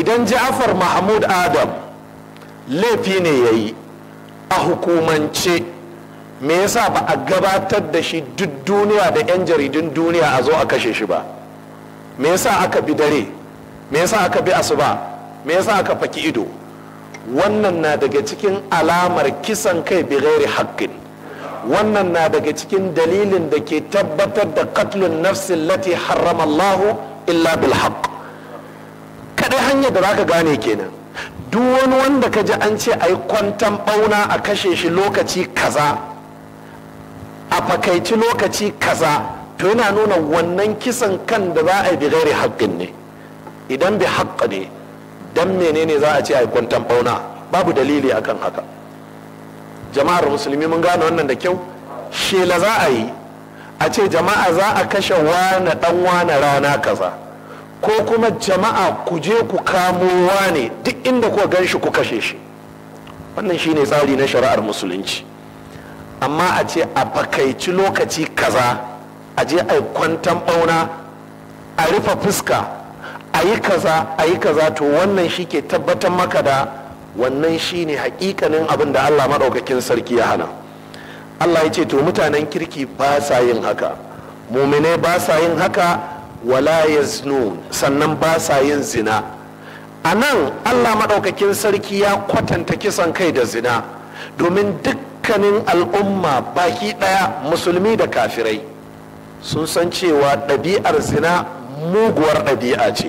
idan ja'afar mahmud adam laifi ne ya yi a hukumance me yasa ba a gabatar da shi duk duniya da 'yan jaridun duniya a zo a kashe shi ba me yasa aka bi dare me yasa aka bi asuba me yasa aka faki ido wannan na daga cikin alamar kisan kai gairi haƙƙin wannan na daga cikin dalilin da ke tabbatar da katlun nafsin lati haramallahu illa bil kaɗai hanyar da zaka gane kenan duk wani wanda ka ji an ce a yi kwantan ɓauna a kashe shi lokaci kaza a fakaici lokaci kaza to yana nuna wannan kisan kan da za a yi bigari haƙƙin ne idan bi haƙƙa ne dan menene za a ce a yi kwantan ɓauna babu dalili akan haka jama'ar musulmi mun gane wannan da kyau shela za a yi a ce jama'a za a kashe wane ɗan wane rana kaza ko kuma jama'a ku je ku kamo ne duk inda kuka gan shi ku kashe shi wannan shine tsari na shari'ar musulunci amma a ce a bakaici lokaci kaza a je a kwantan bauna a rufe fuska a yi kaza a yi kaza to wannan shi ke tabbatar maka da wannan ne hakikanin abin da allah maɗaukakin sarki ya hana allah ya ce to mutanen kirki ba sa yin haka mumine ba sa yin haka wala yaznun sannan ba sa yin zina a nan allah maɗaukakin sarki ya kwatanta kisan kai da zina domin dukkanin al'umma baki ɗaya musulmi da kafirai sun san cewa ɗabi'ar zina muguwar ɗabi'a ce